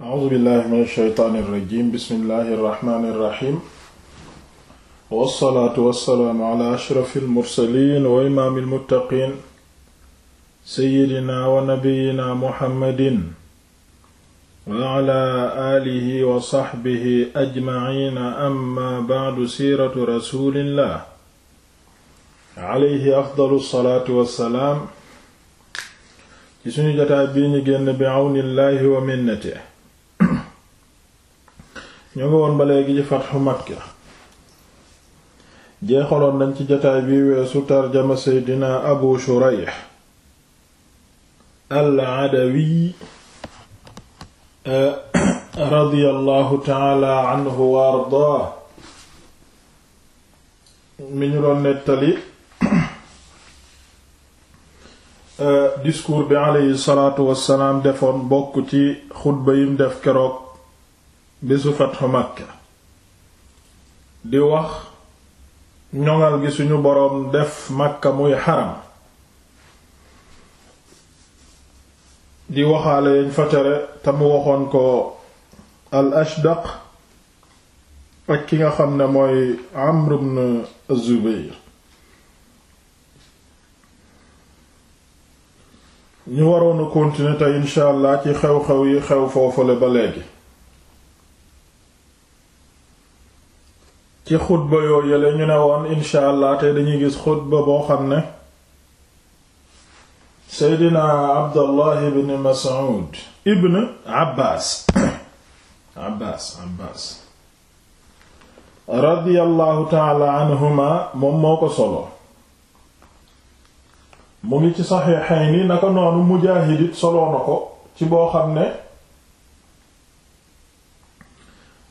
a'uuzu billahi min ash-shaytaani irrajim bismillahi irrahmaani irrahim wassalaatu wassalaamu ala ashrafi almursalin wa imaami almuttaqiin seyidina wa nabiyina muhammadin wa ala aalihi wa saxbihi ajmaciina amma bacdu siiratu rasulillah alayhi afdalu salaatu wassalaam ci suñu jotaay bii ñu génn bi awnillahi wa minnatihi ñu ngi woon ba léegi ci fatxu makka jeexaloon nañ ci jataay bi weesu tarjama seydina abu shurayh al adawi eh, radiyallahu taala anhu wa ardaa mi ñu doon nettali eh, discours bi aleyhi salaatu wassalaam defoon bokk ci xutba yim def keroog bésu fatxu Makka di wax ñoŋal gi suñu boroom def Makka muy xaram di waxaale yañ fa tere te mu waxoon ko al Ashdaq ak ki nga xam ne mooy Amr ibn Zubayr ñu waroon a continuer te incha allah ci xew-xew yi xew foofule ba léegi ci xutba yoo yële ñu ne woon incha allah tey dañuy gis xutba boo xam ne seydina abdallah ibn mas'ud ibn abbas abbas radiyallahu taala anhuma moom moo ko solo mu ngi ci saxiixayni naka noonu mujaahidit soloo na ko ci boo xam ne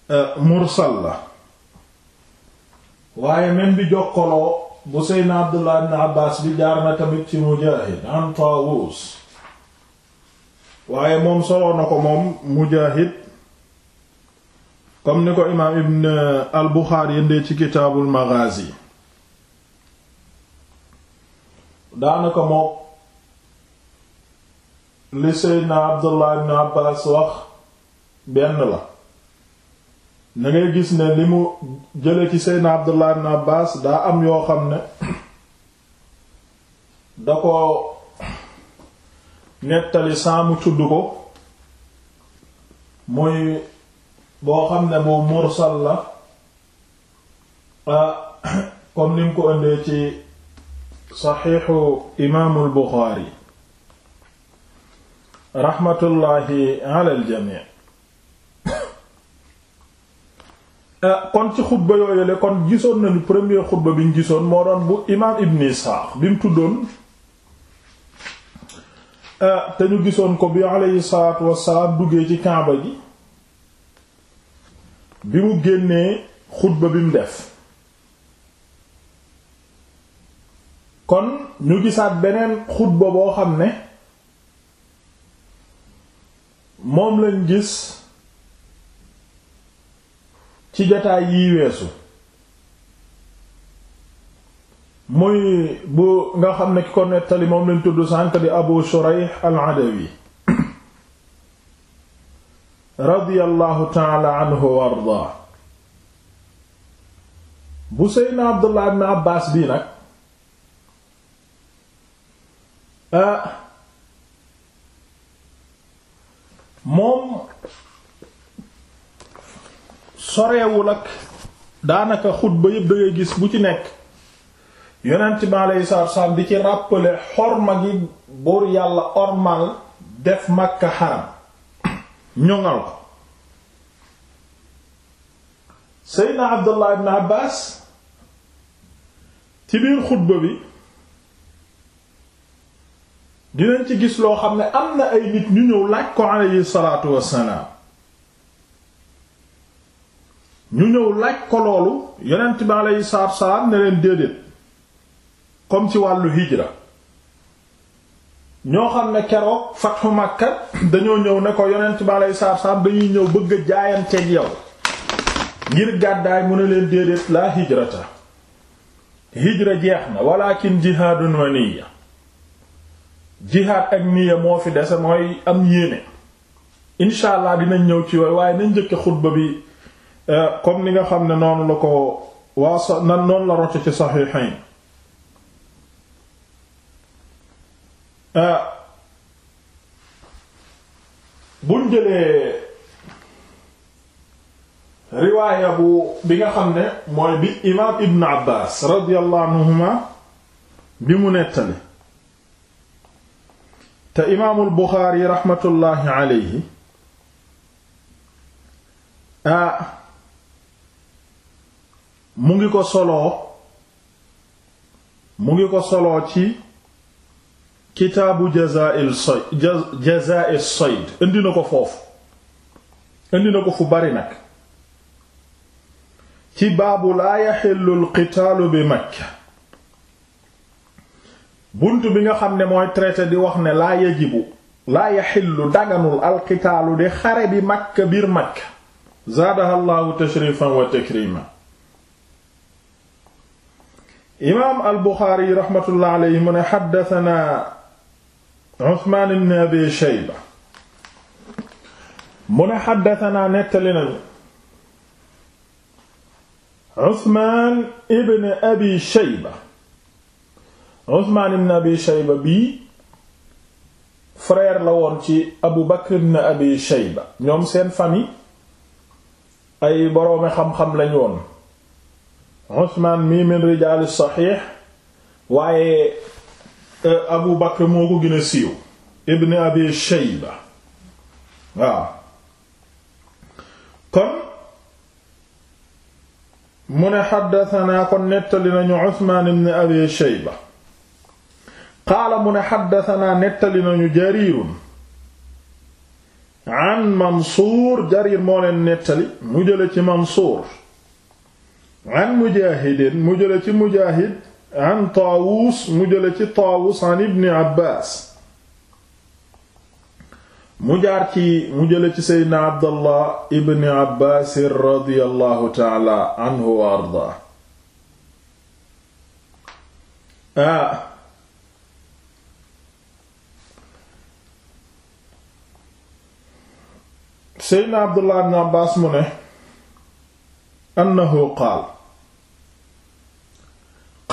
eh, mursal la waaye même bi jokkaloo bu seyna abdullah ibn abbas bi jaar na tamit ci mujaahid an Taawus waaye moom soloo na ko moom mujaahid comme ni ko imaam ibn al yëndee ci kitaabul maghazi daanaka mook li seyna abdullah ibn abbas wax benn la na gis ne li mu jële ci seydna abdullah ibn abbas daa am yoo xam ne da ko nettali saa tudd ko muy boo xam ne bu mursal la ah, comme ni mu ko indee ci saxiixu imaamul buxaari raxmatullaahi alal jamii Euh, kon ci xutba yooyule kon gisoon nañu premier xutba bi ñu gisoon moo doon bu imaam Ibn Isaaq bi mu tuddoon euh, te ñu gisoon ko bi aleyhi salaatu wassalaam duggee ci kaaba gi bi mu génnee xutba bi mu def kon ñu gisaat beneen xutba boo xam ne moom lañ gis ci jotaay yii weesu muy bu nga xam ne ki ko nettali moom lañ tudd sànk di abu shuraih al-adawi radiyallahu taala anhu wa ardaa bu seyna abdullah ibn abbas bii nag ah, moom soreewul ak daanaka xutba yëpp da gis bu ci nekk yonent bi aleyhi salaatu salaam di ci rappeler xorma gi buur yàlla ormal def Makka xaram ñoŋal ko Seydina Abdullah ibn Abbas ci biir xutba bi dinañ ci gis loo xam ne am na ay nit ñu ñëw laaj ko aleyhi salaatu wassalaam ñu ñëw laaj ko loolu yonent yi aleyhi salaatu wa ne leen déedéet comme ci wàllu hijra ñoo xam ne keroog fatxu Makka dañoo ñëw ne ko yonent bi aleyhi dañuy ñëw bëgg a jaayanteeg yow ngir gàddaay mu ne leen déedéet laa hijrata hijra jeex na walakin jihaadun wa niyya jihaad ak niyya moo fi dese mooy am yéene incha allah dinañ ñëw ci yooyu waaye nañ njëkke xutba bi Euh, comme ni nga xam ne noonu la ko waa sa nan euh, riwaaya bu bi nga xam ne mooy bi imaam ibn Abbaas radiyallahu anhuma bi mu nettali te imaamul Buxaari raxmatullaahi alayhi ah mu ngi ko soloo mu ngi ko soloo ci kitaabu jazaa'il sayd jazaa'is sayd indi na ko foofu indi na ko fu bari nag ci baabu laa yaxillu alqitaalu bi makka bunt bi nga xam ne mooy traité di wax ne laa yajibu laa yaxillu daganul alqitaalu di xare bi makka biir makka zaadaha allahu tashrifan wa takrima imaam al buxaari raxmatullah aleyhi mu ne xaddatanaa usmaan ibn abi shayba mu ne xaddatanaa nettali nañu usmaan ibn abi shayba usmaan ibn abi shayba bii frère la woon ci abu bakr ibn abi shayba ñoom seen famille ay boroomi xam-xam lañu woon Usmaan mi min rijaali saxiix waaye euh, Abu Bakr moo ko gën a siiw ibn Abi Shayba waaw kon mu ne xaddatanaa kon nettali nañu Usmaan ibn Abi Shayba qaala mu ne xaddatanaa nettali nañu Jariirun an Mansuur Jariir moo leen nettali mu jële ci Mansuur an mujaahidin mu jële ci mujaahid an taawus mu jële ci taawus an ibni abbaas mu jaar ci mu jële ci seydna abdallah ibni abbaas radiyallahu taala anhu wa ardaa ah seydna abdallah ibni abbaas mu ne annahu qaal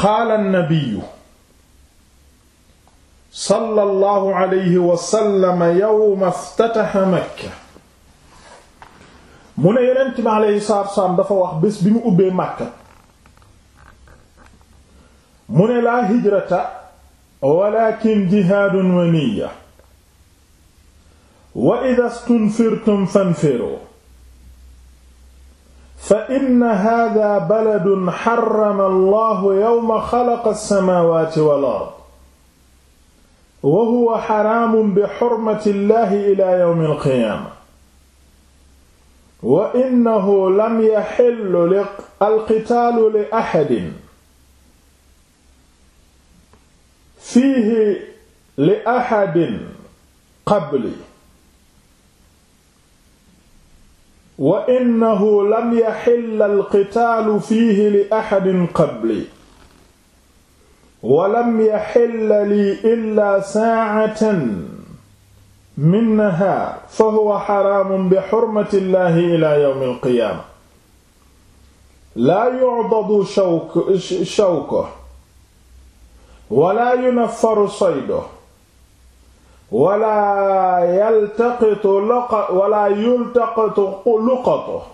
qaala nabiyu sallallahu alayhi wa sallam yawma iftataha Makka mu ne yonent bi alayhi salaatu wa salaam dafa wax bés bi mu ubbee Makka mu ne laa hijrata walaakin jihaadun wa niyya wa idha istunfirtum fanfiru fa inna haadaa baladun xarrama allahu yawma xalaqa alsamaawaati wal ard wa huwa xaraamun bi xurmati llahi ila yawmi alqiyaama wa innahu lam yaxillu alqitaalu li axadin fiihi li axadin qabli wa innahu lam yaxil alqitaalu fiihi li axadin qabli wa lam yaxilla lii illaa saacatan min nahaar fa huwa xaraamun bi xurmati llaahi ilaa yawmi alqiyaama laa yucdadu shawkuhu wa laa yunaffaru sayduhu wala yaltaqitu luqat wala yultaqitu luqatu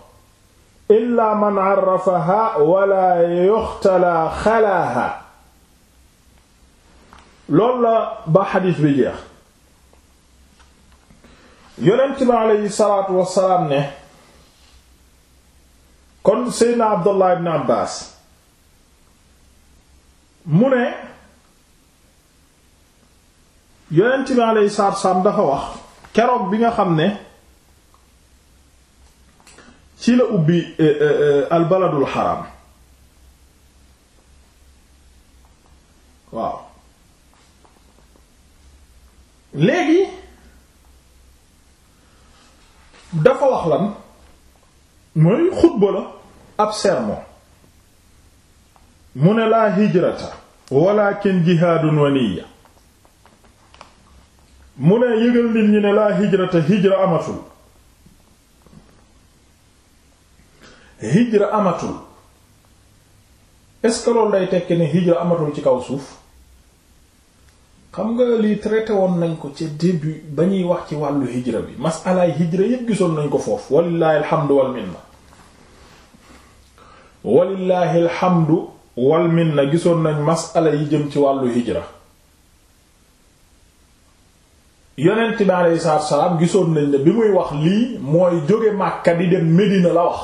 illa man arrafaha wala yuxtala xalaaha loolu la ba xadiis bi jeex yonent bi aleyhi salaatu wassalaam ne kon seydna abdullah ibn abbaas mu ne yonent bi lay salaatu salaam dafa wax keroog bi nga xam ne ci la ubbi eh, eh, eh, al baladul xaram waaw léegi dafa wax lan mooy xutba la ab sermon mu ne laa hijrata walakin jihaadun wa niyya mu ne yëgal nit ñi ne laa hijrata hijra amatul hijra amatul est-ce que loolu day tekki ne hijra amatul ci kaw suuf xam nga lii traité woon nañ ko ci début ba ñuy wax ci wàllu hijra bi masalaay hijra yépp gisoon nañ ko foofu walillahi alhamdu wal minna walillahi alhamdu wal minna gisoon nañ masala yi jëm ci wàllu hijra yonent bi aleyhi salaatu salaam gisoon bi muy wax lii mooy jóge Makka di dem Medina la wax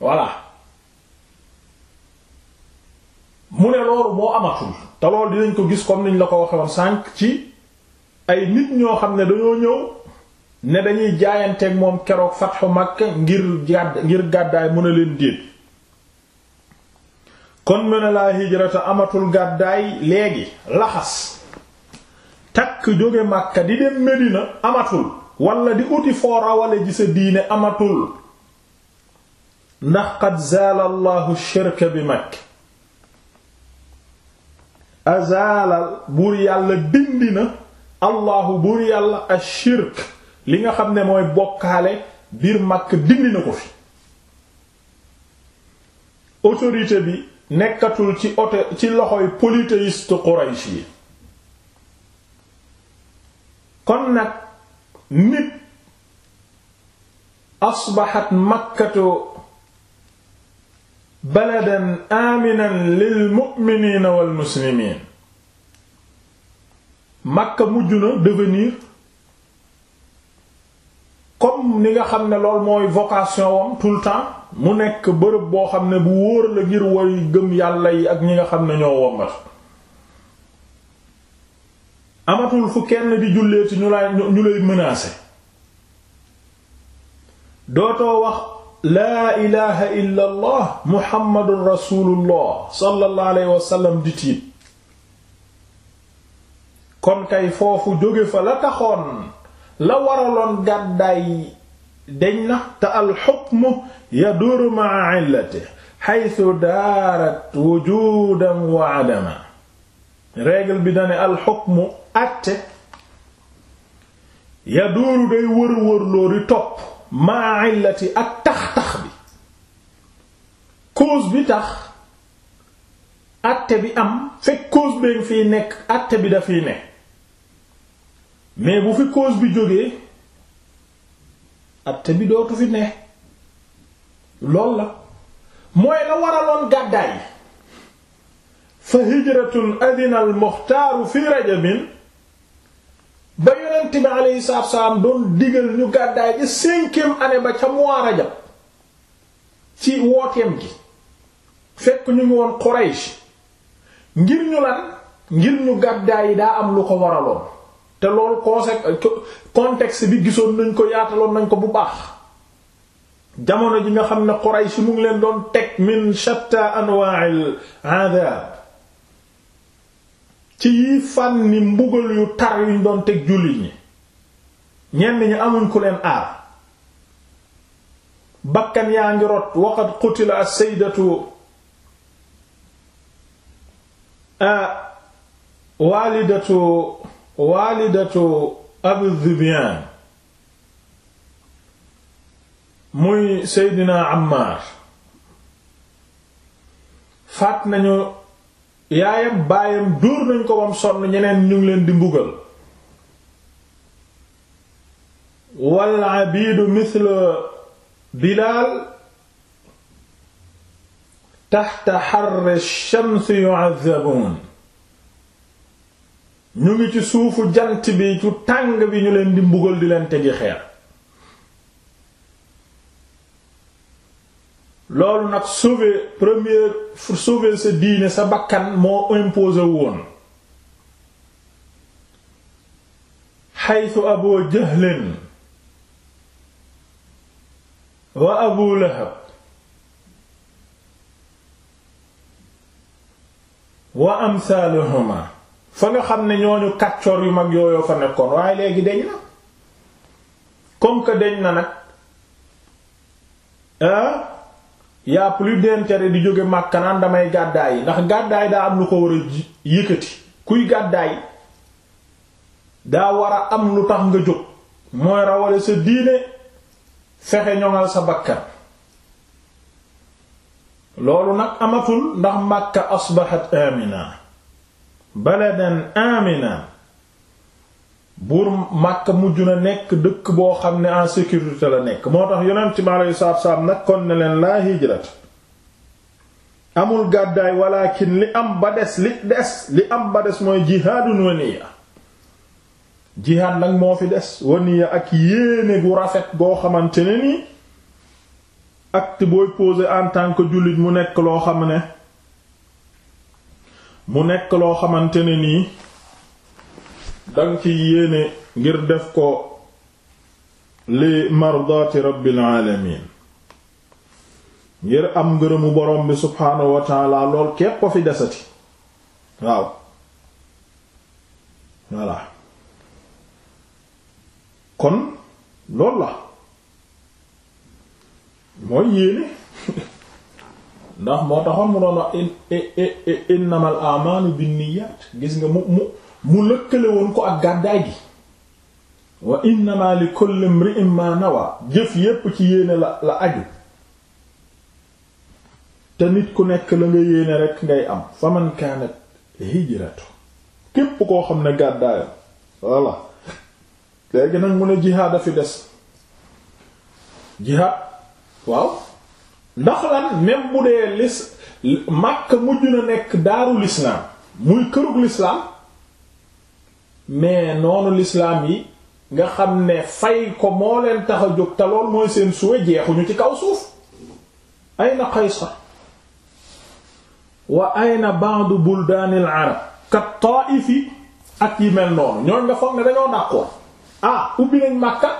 voilà mu ne loolu moo amatul ko gis comme niñ la ko waxee woon ci ay nit ñoo xam ne dañoo ñëw ne dañuy jaayanteeg moom keroog fatxu Makka ngir gàdd ngir gàddaay mën kon mu amatul gàddaay léegi laxas takk jóge Makka di dem Medina amatul wala di uti foo rawale ji sa diine amatul ndax qad zaala allahu shirka bi Makka azaalal buur yàlla dindi allahu buur yàlla ashirk li nga xam ne mooy bokkaale biir Makka dindi ko fi autorité bi nekkatul ci oto ci loxoy polythéiste Quraysh yi kon nag nit asbaxat makkatu baladan aminan lil mu'miniina wal muslimiin makka mujj na devenir comme ni nga xam ne lool mooy vocation wam tout le temps mu nekk bërëb boo xam ne bu wóor la ngir woy gëm yàlla yi ak ñi nga xam ne ñoo wombat amatul fu kenn di julleeti ñu lay ñu lay menacer dootoo wax laa ilaha illa allah muhammadun rasulullah wasallam di tiit kon kay foofu jóge fa la taxoon la waraloon gàddaay deñ na te alxukmu yaduru ma'a illati xaytu daarat wujudan wa adama règle bi dane alxukmu atte ya dooru day wër topp maa illati ak tax bi cause bi tax atte bi am fekk cause bee fiy nekk atte bi dafiy ne mais bu fi cause bi jógee atte bi dootu fi ne lool la mooy la waraloon gàddaay fa hijratun adina al muxtaaru fi rajabin ba yonent bi alayhi salaatu salaam doon digal ñu gàddaay ci cinquième année ba ca mois Rajab ci wooteem gi fekk ñu ngi woon Quraysh ngir ñu lan ngir ñu gàddaay yi daa am lu ko waraloon te loolu contexte bi gisoon nañ ko yaataloon nañ ko bu baax jamono ji nga xam ne Quraysh mu ngi leen doon teg min shatta anwa'il adab ci yi fànni mbugal yu tar yuñ doon teg jullit ñi ñenn ñi amuñ ku leen aar bakkan yaa ngi rot waqad qutila as-sayyidatu waalidatu waalidatu Abu Dhibyan muy Seydina Ammar faat nañu yaayam baayam dóor nañ ko bam sonn ñeneen ñu ngi leen di mbugal wal abidu mithlu bilaal taxta xarri shams yu'azzabun ñu ngi ci suufu jant bi ci tàng bi ñu leen di mbugal di leen tegi xeer loolu nag sauver première sauver sa diine sa bakkan moo imposé woon xaytu abu jahlin wa abu lahab wa amsaaluhuma fa nga xam ne ñooñu kàccoor yu mag yooyu fa nekkoon waaye léegi deñ na comme deñ na nag ah, yaa plus d'intérêt di jóge Makka damay gàddaay ndax gàddaay daa am lu ko war a yëkkati kuy gàddaay daa war a am lu tax nga jóg mooy rawale sa diine fexe ñoŋal sa bakkan loolu nag amatul ndax Makka asbahat amina baladan amina buur Makka mujj na nekk dëkk boo xam ne en sécurité la nekk moo tax yonent mi aleyhi salaatu salaam nag kon ne leen laa hijrat amul gàddaay kin li am ba des li des li am ba des mooy jihaadun wa niyya jihaad nag moo fi des wa niyya ak yéene gu rafet goo xamante ne nii acte booy posé en tant que jullit mu nekk loo xam ne mu nekk loo xamante ne nii danga ci yéene ngir def ko li mardaati rabbil alamin ngir am ngërëmu borom bi subhaanahu wa lool képp fi desati waaw voilà kon loolu la mooy yéene ndax moo taxoon mu doon wax innamal a'malu binniyaat gis nga mu mu mu lëkkale ko ak gàddaay gi wa innama li kulli imri'in nawa jëf yépp ci yéene la la aju te nit ku nekk la nga yéene rekk ngay am faman kaanat hijratu képp koo xam ne gàddaayam voilà léegi nag mu ne jihaad a fi des jihaad waaw ndax lan même bu dee lis Makka mujj na nekk daaru lislaam muy kërug lislaam mais noonu lislaam yi nga xam ne fay ko moo leen tax a jóg te lool mooy seen suwe jeexuñu ci kaw suuf ayna qaysar wa ayna ba'du buldaanil arab kat taaifi ak yi mel noonu ñooñ nga foog ne dañoo d'accord ah ubbi nañ màkka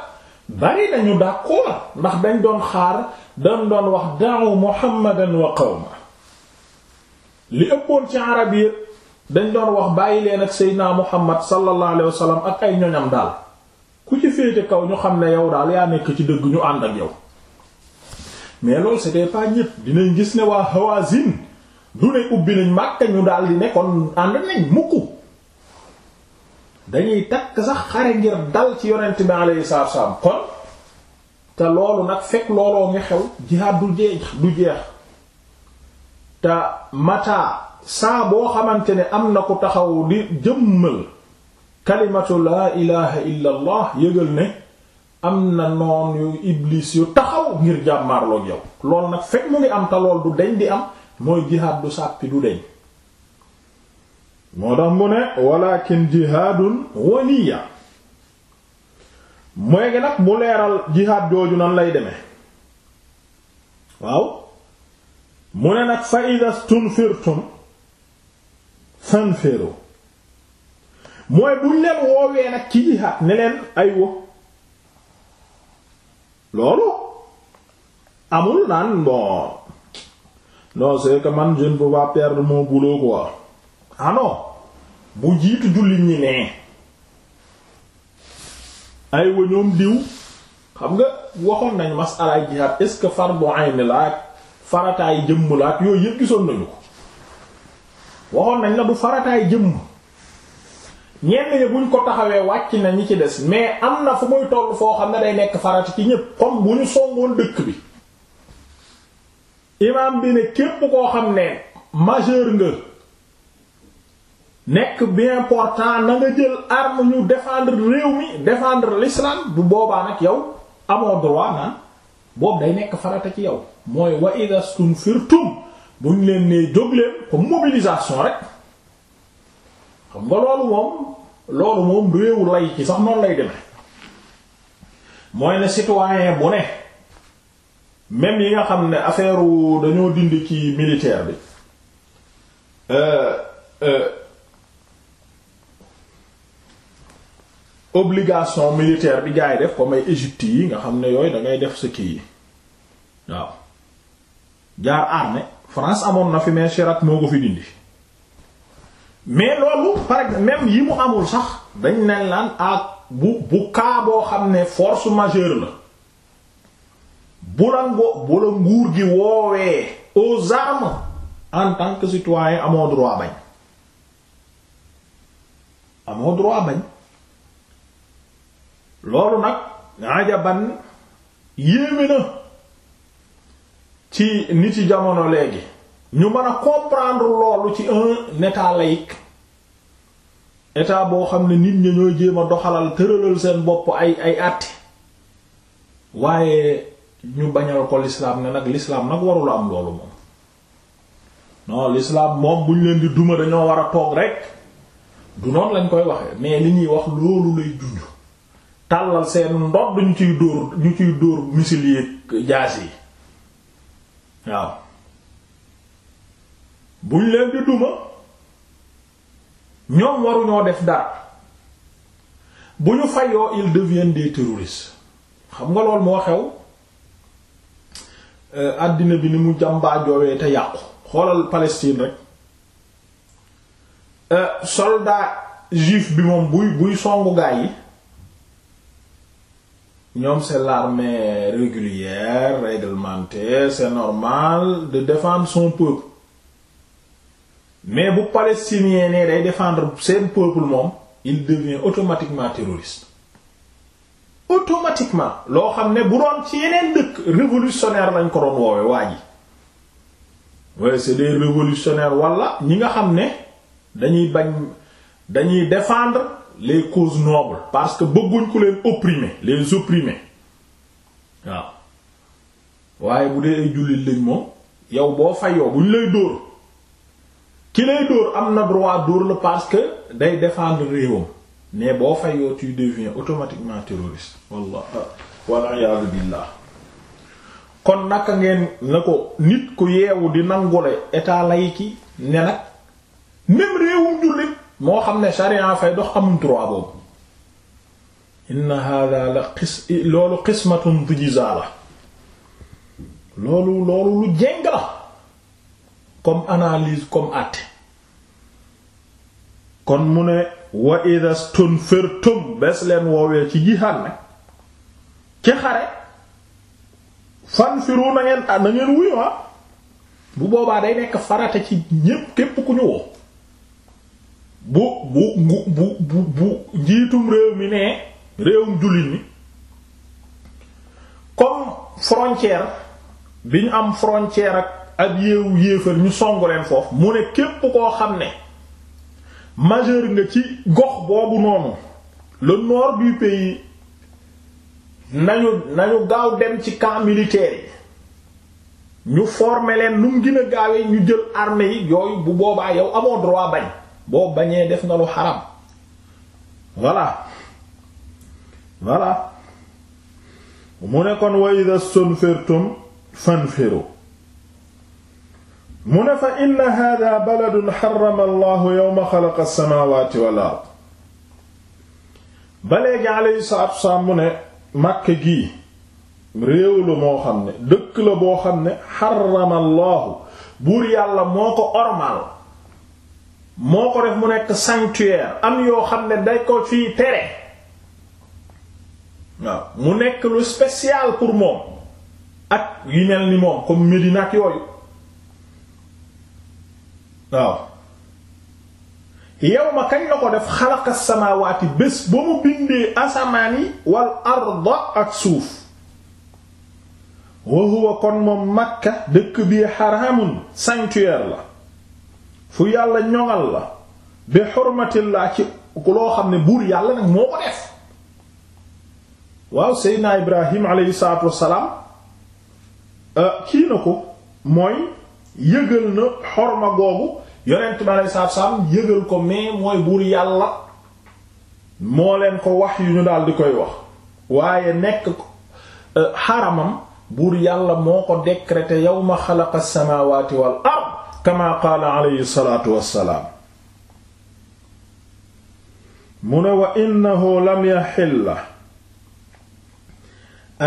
bari nañu d'accord ndax dañ doon xaar dañ doon wax da'u muhammadan wa qawma li ëppoon ci arab yi dañ doon wax bàyyi leen ak seydinaa muhammad sallallahu alayhi wasallam ak ay ñoñam daal ku ci féete kaw ñu xam ne yow daal yaa nekk ci dëgg ñu ànd ak yow mais loolu c'était pas ñépp dinañ gis ne waa Hawazin du ne ubbi nañ Makka ñu daal di nekkoon kon ànd nañ mukk dañuy takk sax xare ngir dal ci yonent bi alayhi salaatu wasallam kon te loolu nag fekk looloo ngi xew jihaad du jeex du jeex te mata saa boo xamante ne am na ku taxaw di jëmmal kalimatu laa ilaha illa yëgal ne am na noon yu iblis yu taxaw ngir jàmmaarloog yow loolu nag fekk mu ngi am te lool du deñ di am mooy jihaad du sàppi du deñ moo tax mu ne walakin jihaadun waniya mooy gi nag mu leeral jihaad jooju nan lay deme waaw mu ne nag fa idha stunfirtum fanféro mooy buñ leen woowee nag ci jihaad ne leen ay loolu amul naan bon non c'est que man je ne peux pas perdre mon boulot quoi ah bu jiitu jullit ñi nee ay ñoom diw xam nga waxoon nañ masalaay jihaad est-ce que fardu ayn la farataay jëmm la yooyu yëpp gisoon nañu ko waxoon nañ na bu farataay jëmm ñenn ñi buñ ko taxawee wàcc na ñi ci des mais am na fu muy toll foo xam ne day nekk farata ci ñépp comme bu ñu songoon dëkk bi imaam bi ne képp koo xam ne majeur nga nekk bien important na nga jël arme ñu défendre réew mi défendre l'islam bu boobaa nag yow amoo droit naan boobu day nekk farata ci yow mooy wa idha stunfirtum buñ leen nee jóg leen comme mobilisation rek xam nga loolu moom loolu moom réewu lay ci sax noonu lay demee mooy ne citoyen bu ne même yi nga xam ne affaire dañoo dindi ci militaire bi euh, euh, obligation militaire bi gaa yi def comme ay Égypte yi nga xam ne yooyu da def sa kii yi waaw jaar armée France amoon na fi mais Chirac moo ko fi dindi mais loolu par exemple yi mu amul sax dañ ne laan ah bu bu cas xam ne force majeure la bu la ngo bu la nguur gi woowee aux armes en tant que citoyen amoo droit bañ amoo droit bañ loolu nag ajaban yéeme na ci nit ci jamono léegi ñu mën a comprendre loolu ci un état laïque état boo xam ne nit ñi ñooy jéem a doxalal tëralal seen bopp ay ay àtte waaye ñu bañal ko l'islam ne nag l'islam nag warul am loolu moom non l'islam moom buñ leen di duma dañoo war a toog rek du noonu lañ koy waxee mais li ñuy wax loolu lay junj tàllal seen ndodd ñu ciy dóor ñu ciy dóor misil yi jaas yi waaw buñ leen di duma ñoom waruñoo def dara bu ñu fayoo ils deviennent des terroristes xam nga loolu moo xew àddina euh, bi ni mu jàmbaa te yàqu xoolal Palestine rek euh, soldat juif bi moom buy buy songu gaay yi ñoom c'est l'armée régulière réglementée c'est normal de défendre son peuple mais bu palestinien ne day défendre seen peuple moom il devient automatiquement terroriste automatiquement loo xam ne bu doon ci yeneen dëkk révolutionnaire lañ ko doon woowe waa ji waaye c'est des révolutionnaires wala ñi nga xam ne dañuy bañ dañuy défendre les causes nobles parce que bëgguñ ku leen opprimer les opprimer waaw waaye bu dee ay jullit lañ moom yow boo fayoo buñ lay dóor ki lay dóor am na droit dóor la parce que day défendre réewam mais boo fayoo tu deviens automatiquement terroriste wallah wal iyaadu billah kon naka ngeen na ko nit ku yeewu di nangole état laïque ne nag même réewum jullit moo xam ne sharia fay dox amul droit boobu inna hada la xis loolu xismatun dujiza la loolu loolu lu jéng la comme analyse comme àtte kon mu ne wa idha stunfirtum bes leen woowee ci jihaad nag ci xare fanfiru na ngeen na ngeen wuyu ah. bu boobaa day nekk farata ci ñépp képp ku ñu woo bu bu bu bu bu njiitum réew mi ne réewum jullit mi comme frontière bi ñu am frontière ak ak yéewu yéefar ñu songu leen foofu mu ne képp koo xam ne majeur nga ci gox boobu noonu le nord du pays nañu nañu gaaw dem ci camp yi ñu former leen nu gën a gaawee ñu jël armée yi yooyu bu boobaa yow amoo droit bañ boo bañee def nga lu xaram voilà voilà mu ne kon fanfiru mu fa inna hada baladun xarama allahu yowma xalaqa alsamawati wal ard ba léegi aleyhi salaatu wasalaam mu ne màkk gii boo xam ne yàlla moo ormal moo ko def mu nekk sanctuaire am yoo xam ne day ko fii tere waaw mu nekk lu spécial pour moom ak yu mel ni moom comme Médina ak yooyu waaw yow ma kañ la ko def xalaqa samaawaati bés ba mu bindee asamaan wal arda ak suuf wa kon moom Makka dëkk bi xaraamun sanctuaire la fu yàlla ñoŋal la bi xormatillah ci loo xam ne buur yàlla nag moo ko def waaw seydinaa ibrahim aleyhi salaatu wassalaam euh, kii na ko mooy yëgal na xorma googu yonent bi salaatu wassalaam yëgal ko mais mooy buur yàlla moo leen ko wax yu ñu daal di koy wax waaye nekk euh, xaramam buur yàlla moo ko décrété yow xalaqa as-samaawaati wal ard kama qaala alayhi salaatu wassalaam mu ne wa innahu lam yaxilla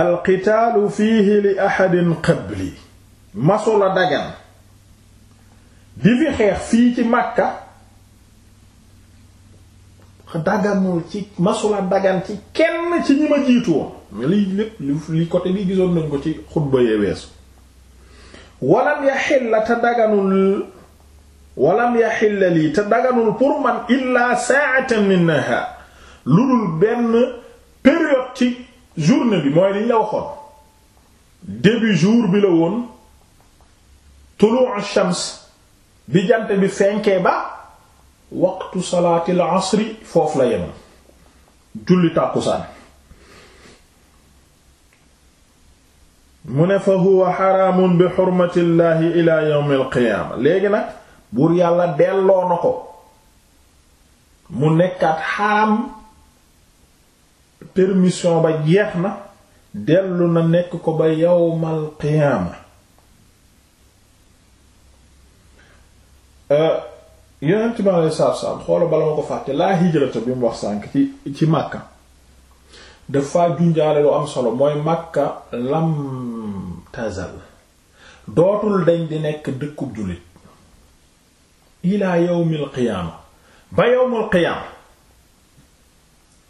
alqitaalu fiihi li axadin qabli masula dagan di fi xeex fii ci Makka daganul ci masula dagan ci kenn ci ñi ma jiitu woon mais lii lépp li côté bii gisoon nañ ko ci xutba yee weesu walam yaxilla te daganul walam yaxilla lii te daganul pour man illaa saa'atan min nahaar lu dul benn période ci journée bi mooy liñ la waxoon début jour bi la woon tulu' shams bi jant bi fenkee ba waqtu salaatil asri foofu la yemoon julli tàkkusaan mu ne fa huwa xaraamun bi xurmatillahi ila yawm qiyaama léegi nag buur yàlla delloo na ko mu nekkaat xaram permission ba jeex na dellu na nekk ko ba yawmal qiyaama euh, yonent bi alei saatu salaam xoola bala ma ko fàtte laa hijrata bi mu wax sànk ci ci Makka dafa junjaale lu am solo mooy Makka lam tazal dootul dañ di nekk dëkkub jullit ilaa yawmil qiyaama ba yawmul qiyaama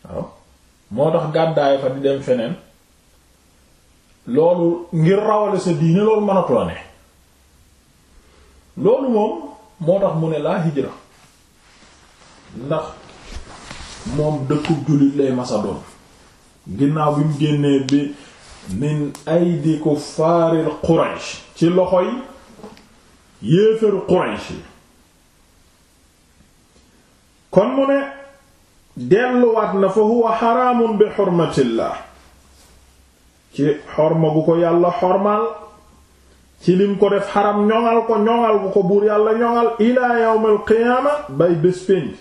waaw moo tax gàddaay fa di dem feneen loolu ngir rawale sa diine loolu mënatula ne loolu moom moo tax mu ne laa hijra ndax moom dëkkub jullit lay masa ginnaaw bi mu génnee bi min aydi kuffaaril Quraysh ci loxoy yéeféru Quraysh yi kon mu ne delluwaat na fa huwa xaraamun bi xormatillah ci xorma gu ko yàlla xormaal ci lim ko def xaram ñoŋal ko ñoŋal bu ko buur yàlla ñoŋal ilaa qiyaama bay bés pénc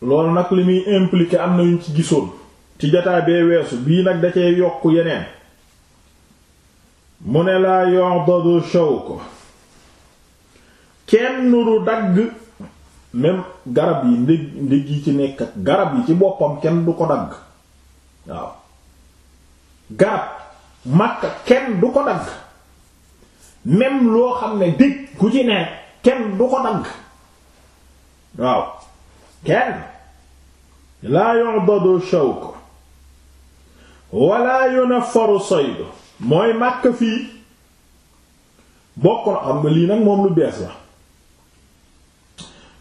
loolu nag li muy am na yuñ ci gisoon ci jataay bee weesu bii nag da cee yokk yeneen mu ne laa yu'dadu shawk kenn du dagg même garab yi ndég ndég yi ci nekk garab yi ci boppam kenn du ko dagg waaw garab màkk kenn du ko dagg même loo xam ne dég ku ci nekk kenn du ko dagg waaw kenn laa yu'dadu shawk wala yunaffaru saydu mooy màkk fii bokk na xam nga lii nag moom lu bees la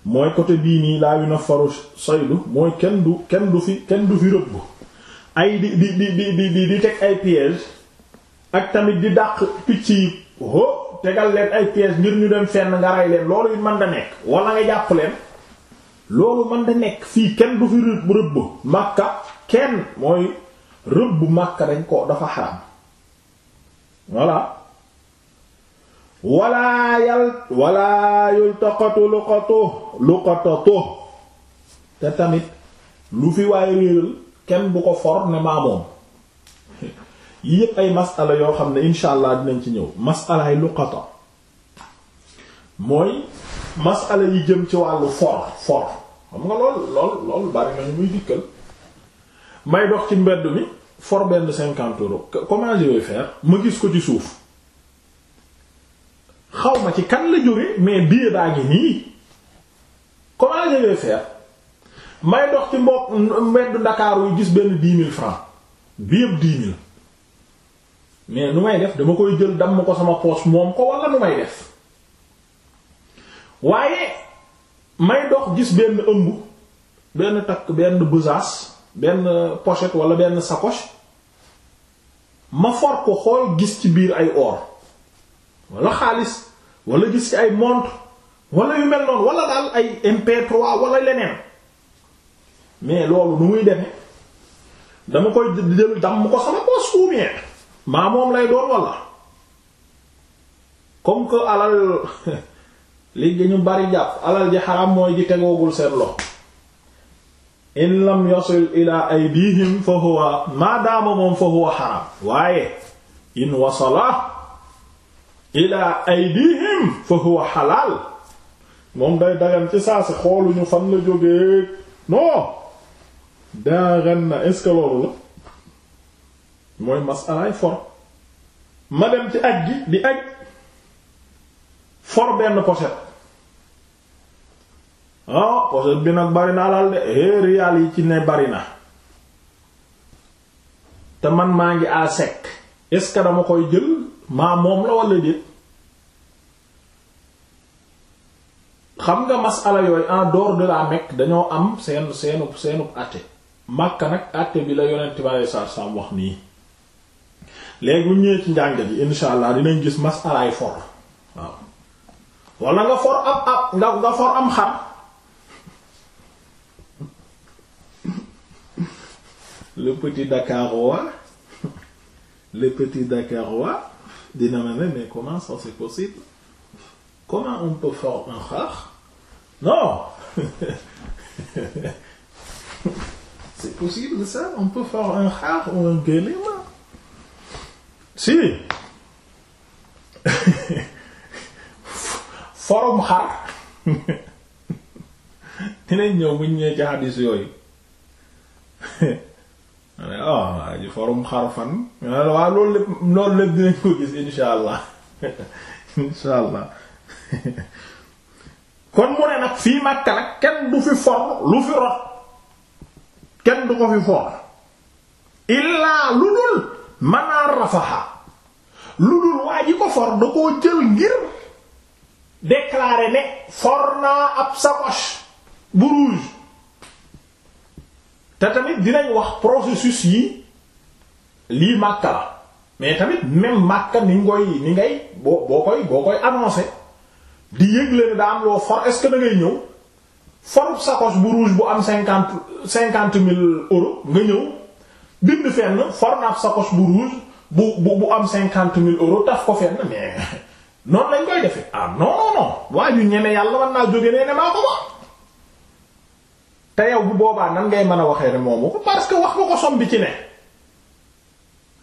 mooy côté bii nii laa yunaffaru saydu mooy kenn du kenn du fi kenn du fi rëbb ay di di di di teg ay piège ak tamit di dàq picc yi ho tegal leen ay piège ngir ñu dem fenn nga rey leen loolu it mën da nekk wala nga jàpp leen loolu mën da nekk fii kenn du fi rëbb màkka kenn mooy rëbb bu Makka dañ dafa xaram voilà wala yal wala yultaqatu luqatu luqatatu te tamit lu fi waaye réeral kenn bu ko for ne maamoom yi yëpp ay masala yoo xam ne insha allah dinañ ci ñëw masalaay luqata mooy masala yi jëm ci wàllu for for xam nga lool lool lool bari nañu muy dikkal may dox ci mbedd mi for benn cinquante euros comment je vais ma gis ko ci suuf xaw ma ci kan la jóge mais billet baa ngi nii comment je vais may dox ci mbokk mbeddu Ndakaaru yi gis benn dix mille francs billet dix mille mais nu may def dama koy jël damm ko sama poche moom ko wala nu may def waaye may dox gis benn ëmb benn takk benn besace benn pochette walla benn sacoche ma for ko xool gis ci biir ay or walla xaalis wala gis ci ay montre wala yu mel noonu wala daal ay MP3 wala leneen mais loolu nu muy demee dama koy jël dam ko sama poche suumee maa moom lay doon wala comme que alal léegi ñu bari jàpp alal ji xaram mooy ji tegoogul seen loxo. in lam yasil ila aydihim fa huwa maadaama moom fa huwa xaraam waaye in wasala ila aydihim fa huwa xalaal moom day dagan ci saa si xooluñu fan la jógee non daagan na est-ce que loolu la mooy masalaay for ma dem ci aj gi di aj for benn pochette ah bi nag bari naa alal de eh riyaal yi ci ne bari na te man maa ngi à sec est-ce dama koy jël maa moom la wala déet xam nga masala yooyu en dehors de la Mecque dañoo am seen seenu seenu àtte Makka nag àtte bi la yonent bi alei satu wax nii léegi bu ñëwee ci njàng ji insha allah dinañ gis masalaay for waaw wala nga for am ab nga for am xar le petit Dakarois le petit Dakarois dina ma ne mais comment ça c'est possible comment on peut faire un xar non c'est possible ça on peut faire un xar ou un gëléem si forum xar dinañ ñëw buñ ñëwee ci hadis yooyu ah waa ji forum xar fan loolu lépp loolu lépp dinañ ko gis insha allah insha allah kon mu ne nag fii Makka nag kenn du fi for lu fi rot kenn du ko fi for illaa lu dul manaar rafaxa lu dul waa ji ko for da koo jël ngir déclarer ne for naa ab sacoche bu rouge te tamit dinañ wax processus yi lii Makka la mais tamit même Makka ni ngoy ni ngay boo boo koy boo koy annoncé di yëgle ne daa am loo for est-ce ngay ñëw forub sacoche bu rouge bu am cinquante cinquante mille euros nga ñëw bind fenn for naaf bu rouge bu bu am cinquante mille euros taf ko fenn mais noonu lañ koy defee ah non non ñu ñeme yàlla war naa jóge nee maa ko wax. te yow bu boobaa nan ngay mën a waxee ne moomu ko parce que wax nga ko som bi ci ne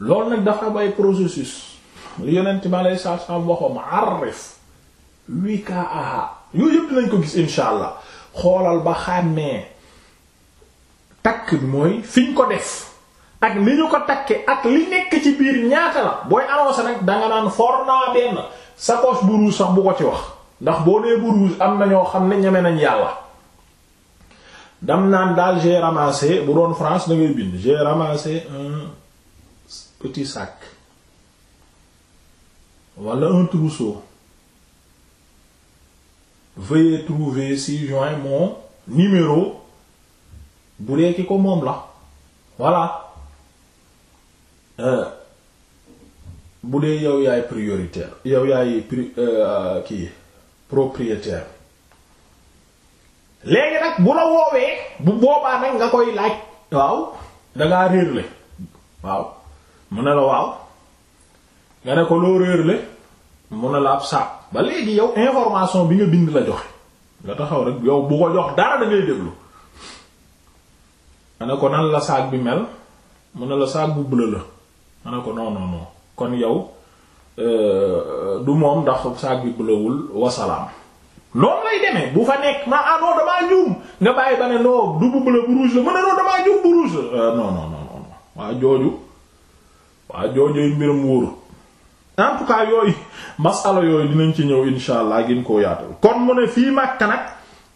loolu nag dafa bay processus li yonent ma lay sa sa waxoom arif wi ka aha yooyu yëpp dinañ ko gis insha allah xoolal ba xàmmee takk bi mooy fiñ ko def ak li ñu ko takke ak li nekk ci biir ñaata la booy annoncé nag danga naan for naa benn sacoche bu rouge sax bu ko ci wax ndax boo nee bu rouge am na ñoo xam ne ñeme nañ yàlla dam naan daal j'ai ramassé bu doon France da ngay bind j'ai ramassé un petit sac walla un trousseau veuillez trouver si joint mon numéro bu dee ki ko moom la voilà euh, bu dee yow yaay prioritaire yow yaay pri euh, kii propriétaire léegi nag bu la woowee bu boobaa nag nga koy laaj waaw dangaa réerle waaw mu ne la waaw nga ne ko loo réerle mu ne la ab saab ba léegi yow information bi nga bind la joxe nga taxaw rek yow bu ko jox dara da ngay nga ne ko nan la saag bi mel mu ne la saag bu bleu la nga ne ko non kon yow euh, du moom ndax saag bi bleuwul wasalaam noonu lay demee bu fa nekk ma ah non damaa juum nga bàyyi ba ne non du bu la bu rouge la mu damaa juum bu rouge la euh, non non non waa jooju waa jooju mbiram wóoru en yooyu masala yooyu dinañ ci ñëw insha allah gin koo yaatal kon mu ne fii Makka nag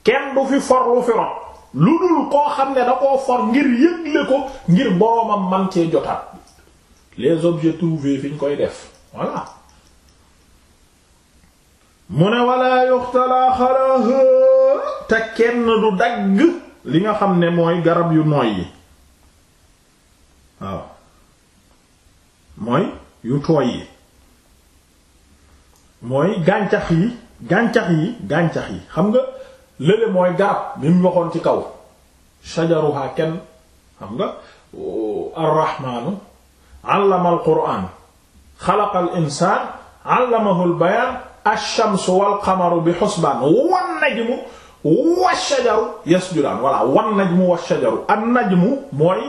kenn du fi for lu fi rot lu dul koo xam ne da koo for ngir yëgle ko ngir boroomam man cee jotaat les objets trouvés fi ñu koy def voilà mu ne wala yuxtala xalaha te kenn du dagg li nga xam ne mooy garab yu nooy yi waaw mooy yu tooy yi mooy gàncax yi gàncax yi gàncax yi xam nga lële mooy garab bi mu waxoon ci kaw shajaruha kenn xam nga arrahmaanu allama al quraan xalaqa al insaan allamahu bayaan ash-shamsu wal qamaru bi husbaan wan najmu wash-shajaru yasjudaan walla wan mu wash-shajaru an najmu mooy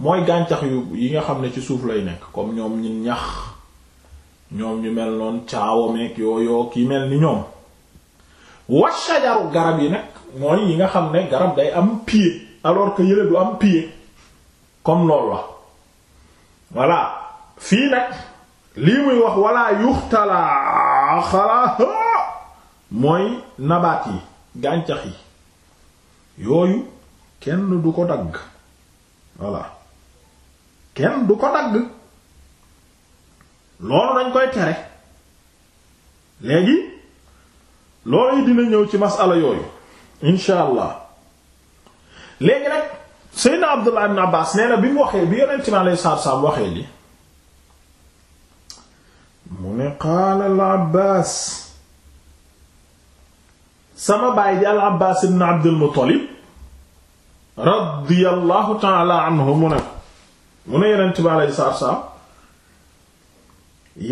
mooy gàncax yu yi nga xam ne ci suuf lay nekk comme ñoom ñi ñax ñoom ñu mel noonu caawameeg yooyoo ki mel ni ñoom wash-shajaru garab yi nag mooy yi nga xam ne garab day am pied alors que yële du am pied comme loolu la voilà fii nag lii muy wax wala yuxtala axara mooy nabaat yi gàncax yi yooyu kenn du ko dagg voilà kenn du ko dagg loolu dañ koy tere léegi loolu yi dina ñëw ci masala yooyu insha allah léegi nag Seydina Abdullah ibn Abbas nee na bi mu waxee bi yonent mi alayhi salaatu salaam waxee li mu ne qaala al abbaas sama baay ji al abbaas ibn abdul muttalib radiyallahu taala anhu mu ne mu ne yonent bi alayhi salaatu salaam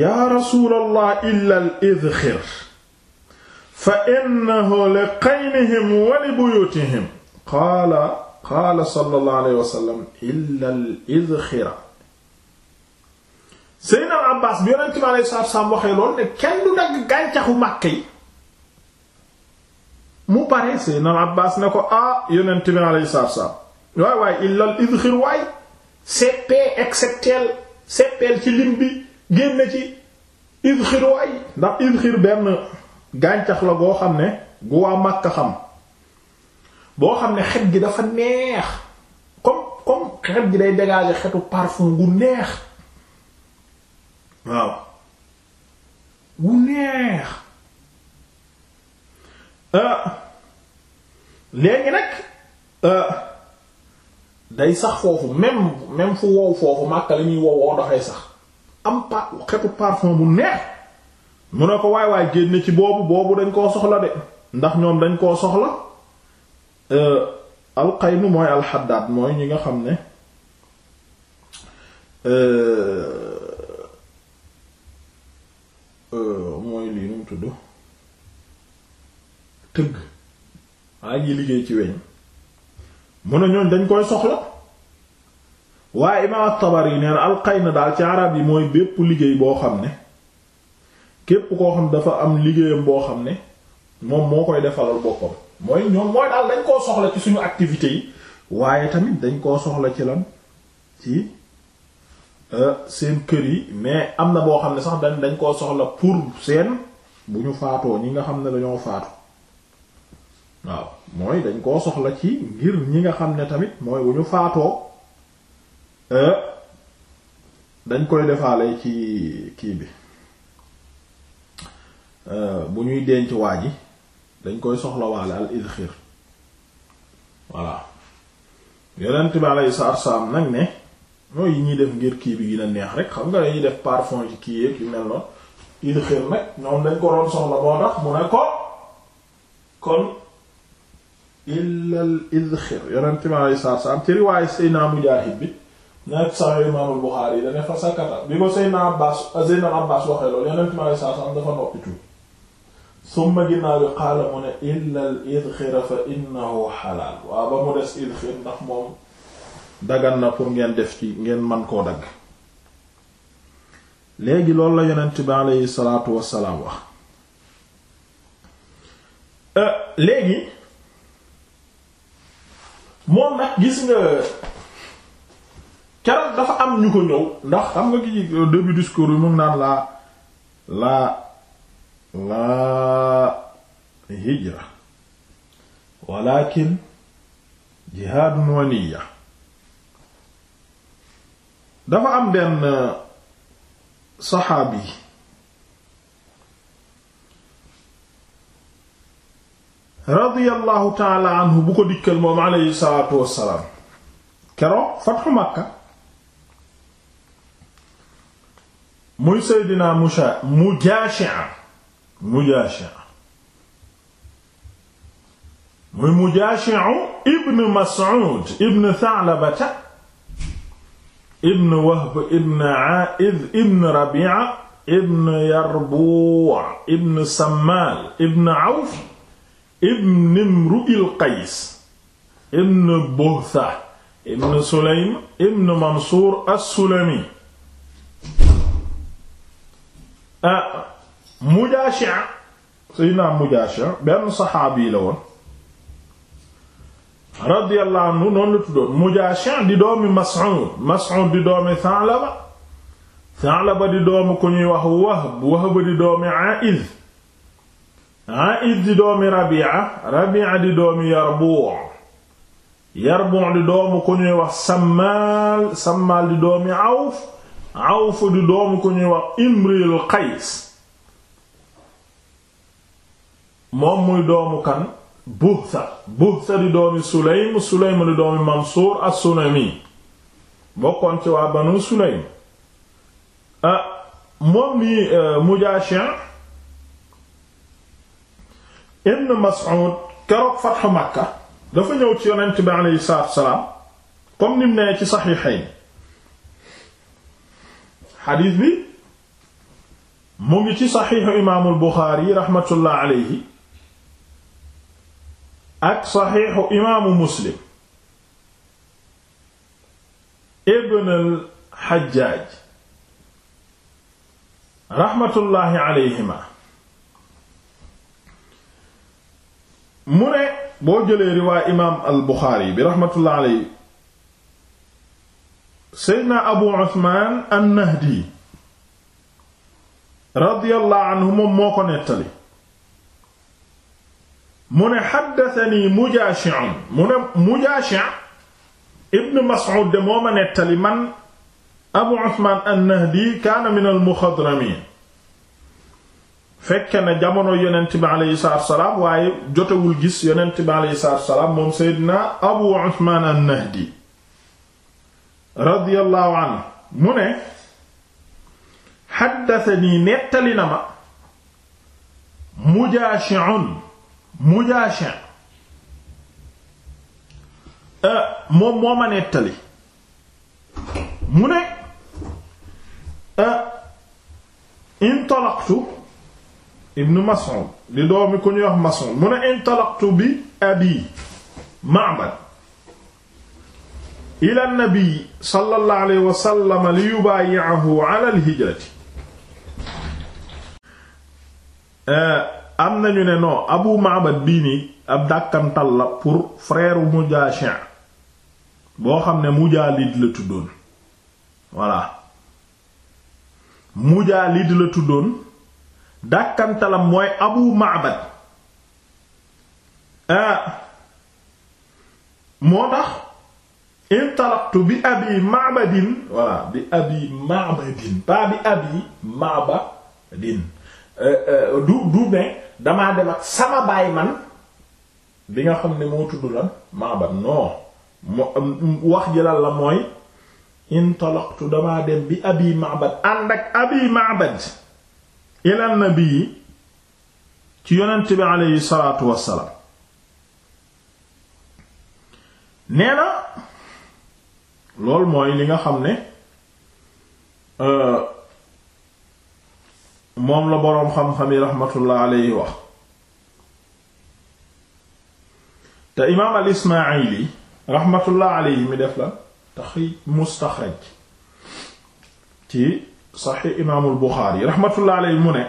yaa rasuulallah illa al idxir fa innahu li qaynihim wa li buyuutihim qaala qaala sallallahu alayhi wa sallam illa al idxira Seydina Abbas bi yonent bi alayhi salaatu salaam waxee lool ne kenn du dagg gàncaxu Makka yi mu pare Seydina Abbas ne ko ah yonent bi alayhi salaatu salaam waay illal idxir waay seppe exceptel seppeel ci lim bi génn ci idxir waay ndax idxir benn gàncax la goo xam ne gu waa Makka xam boo xam ne xet gi dafa neex comme comme xet gi day dégager xetu parfum gu neex waaw wu neex euh, léegi nag euh, day sax foofu même même fu wow foofu màkka ñuy wow wow dafay sax am pa xetu parfum bu neex mu ne ko waay waay génn ci boobu boobu dañ koo soxla de ndax ñoom dañ koo soxla euh, alqaynu mooy alxaddaad mooy ñi nga xam ne Euh, mooy lii nu mu tudd tëgg waa ngi liggéey ci weñ mun a ñooñ dañ koy soxla waaye imaam at-Tabari neen na daal ci arab yi mooy bépp liggéey boo xam ne képp koo xam dafa am liggéeyam boo xam ne moom moo koy defalal boppam mooy ñoom mooy daal dañ koo soxla ci suñu activités yi waaye tamit dañ koo soxla ci lan ci Euh, seen kër yi mais am na boo xam ne sax dañ dañ koo soxla pour seen bu ñu faatoo ñi nga xam ne dañoo faatu waaw mooy dañ koo soxla ci ngir ñi nga xam ne tamit mooy bu ñu faatoo euh, dañ koy defaale ci kii bi euh, bu ñuy denc waa ji dañ koy soxlawaale al idxir voilà yonent bi alayhi salaam nag ne mooy yi ñuy def ngir kii bi gën neex rek xam nga dañuy def parfum ci kii yeeg yu mel noonu il xër nag dañ ko doon soxla moo tax mu ne ko kon illal idxir yonent mi alayhi salaatu salaam ci riwaayu Seydina Mujaahid bi nekk Sahih Imaamul Buxaari dane fa Abbaas Seydina Abbaas waxee loolu yonent mi alayhi salaatu salaam dafa noppi tuuti summa ginnaaw bi qaala mu ne illal idxir fa innahu xalaal waaw ba mu des idxir ndax moom dagan na pour ngeen def ci ngeen man koo dagg léegi loolu la yonent bi aleyhi wassalaam wax euh, léegi moom nag gis nga keroog dafa am ñu ko ñëw ndax xam nga ki début discours bi mu naan laa laa laa hijra walakin jihaadun wa niyya dafa am benn euh, saxaabi radiyallahu taala anhu bu ko dikkal moom aleyhi salaatu wassalaam keroog fatxu Makka muy Seydina Musha Mujaashi'a Mujaashi'a muy Mujaashi'u ibn Mas'ud ibn Tha'labata ibn wahb ibn aaid ibn rabia ibn yarbu ibn sammaal ibn awf ibn imru'il qays ibn buhtha ibn sulaym ibn mansuur as-sulami ah, mujaashi' sayyidina mujaashi' benn saxaabi la woon radiyallahu anhu noonu la tuddoon Mujaashi' di doomi Mas'ud Mas'ud di doomi Sa'laba Sa'laba di doomi ku ñuy wax Wahb Wahb di doomi A'iz A'iz di doomi Rabi'a Rabi'a di doomi Yarbu' Yarbu' di doomi ku ñuy wax Sammaal Sammaal di doomi Awf Awf di doomi ku ñuy wax Imril Qays moom muy doomu kan Buhsa Buhsa di doomi Sulaym Sulaym di doomi Mansuur as-Sulami bokkoon waa Banu Sulaym ah, moom mi eh, Mujaashi ibn Mas'ud keroog Fathu Makka dafa ñëw ci Yonent bi alayhi salaatu wa salaam comme nim nee ci Saxiixayn xadiis bi mu ngi ci Saxiixu Imaamul Buxaari raxmatullaahi alayhi ak saxiixu imaamu muslim ibn al xajjaaj raxmatullaahi alayhima mu ne boo jëlee riwaay imaam al buxaari bi raxmatullaahi alayhi seydna abu usmaan an nahdi radiyallaahu anhu moom moo ko nettali mu ne xaddatani mujaashi'un mu ne mujaashi' ibn Mas'ud de moo ma nettali man Abu Usmaan an-Nahdi kaana min al-muxadramiin fekke na jamono yonent bi aleyhi salaatu wasalaam waaye jotewul gis yonent bi aleyhi salaatu wasalaam moom Seydina Abu Usmaan an-Nahdi radiyallahu anhu mu ne xaddatani nettali na ma mujaashi'un Mujaashin euh, moom moo ma nettali mu ne euh, intalaqtu ibnu Mas'ud di doomi ku ñuy wax Mas'ud mu ne intalaqtu bi abi Ma'bad ila nabi sallallahu alayhi wa sallam li yubaayi'ahu ala al-hijrati euh, am nañu ne non abu maabad bii nii ab dàkkantal la pour frère Mujashi' boo xam ne Mujaalid la tuddoon voilà Mujaalid la tuddoon dàkkantalam mooy abu maabad ah. moo tax intalaqtu bi abi maabadin voilà bi abi maabadin pas bi abi maabadin euh, euh, du du ne damaa dem ak sama baay man bi nga xam ne moo tudd lan Ma'bad non mo um, wax ji la mooy intalaqtu damaa dem bi abi Ma'bad ànd ak abi Ma'bad ila nabi ci yonent bi aleyhi salaatu wassalaam nee na loolu mooy li nga xam ne euh, moom la boroom xam-xam yi raxmatullah alayhi wax te imaam al ismaayili raxmatullah alayhi mi def la taxrij mustaxraj ci saxiix imaamul buxaari raxmatullah alayhi mu ne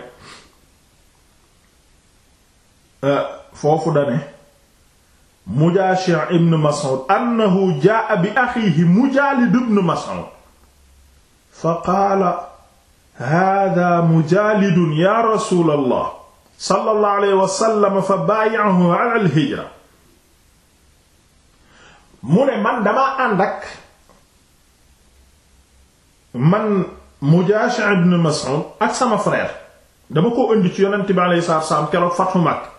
euh, foofu dane mujaashi ibn mas'ud annahu jaa bi axiihi mujaalid ibn mas'ud fa qaala hada mujaalidun ya rasul allah sallallahu alayhi wa sallam fa baayahu ala alhijra mu ne man damaa ànd ak man Mujaashi ibn Mas'ud ak sama frère dama ko indi ci yonent bi alayhi salaatu salaam keroog Fathu Makka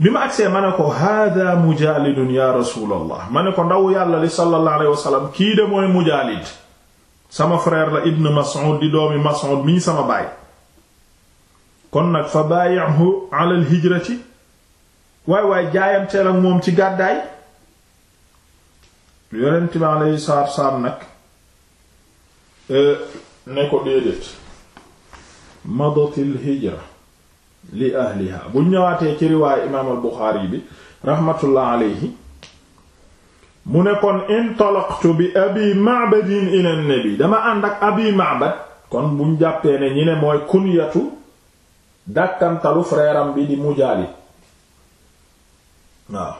bi ma agsee ma ne ko hada mujaalidun ya rasul allah ma ne ko ndaw yàlla li sallallahu alayhi wa sallam kii de mooy mujaalid sama frère la ibn Mas'ud di doomi Mas'ud mi sama baay kon nag fa baayi'hu ala hijrati waay waay jaayamteel ak moom ci gàddaay yonent bi alayhi salaatu salaam nag euh, ne ko déedéet madatil hijra li ahliha bu ñëwaatee ci riwaayu imaam al Buxaari bi rahmatullah alayhi mu ne kon intalaqtu bi abi ma'badin ila nabi dama ànd ak abi ma'bad kon buñ jàppee ne ñi ne mooy kunyatu dàkkantalu frère bi di mujaali waaw